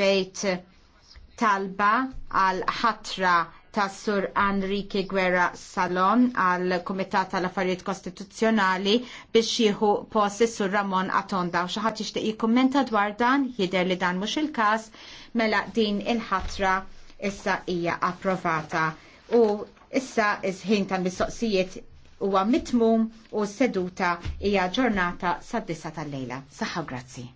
bejt talba għal ħatra ta' Sur Enrique Guerra Salon għal Kumitat tal Affarijiet Kostituzzjonali biex jieħu posti Sur Ramon Atonda. U xaħat jixtieq jikkummenta dwar dan, jidher li dan mhux il-każ, mela din il-ħatra issa hija approvata. U issa izħin ħin tal-mistoqsijiet huwa mitmum u seduta hija ġurnata sad-disa tal-lejla. Saħħa grazzi.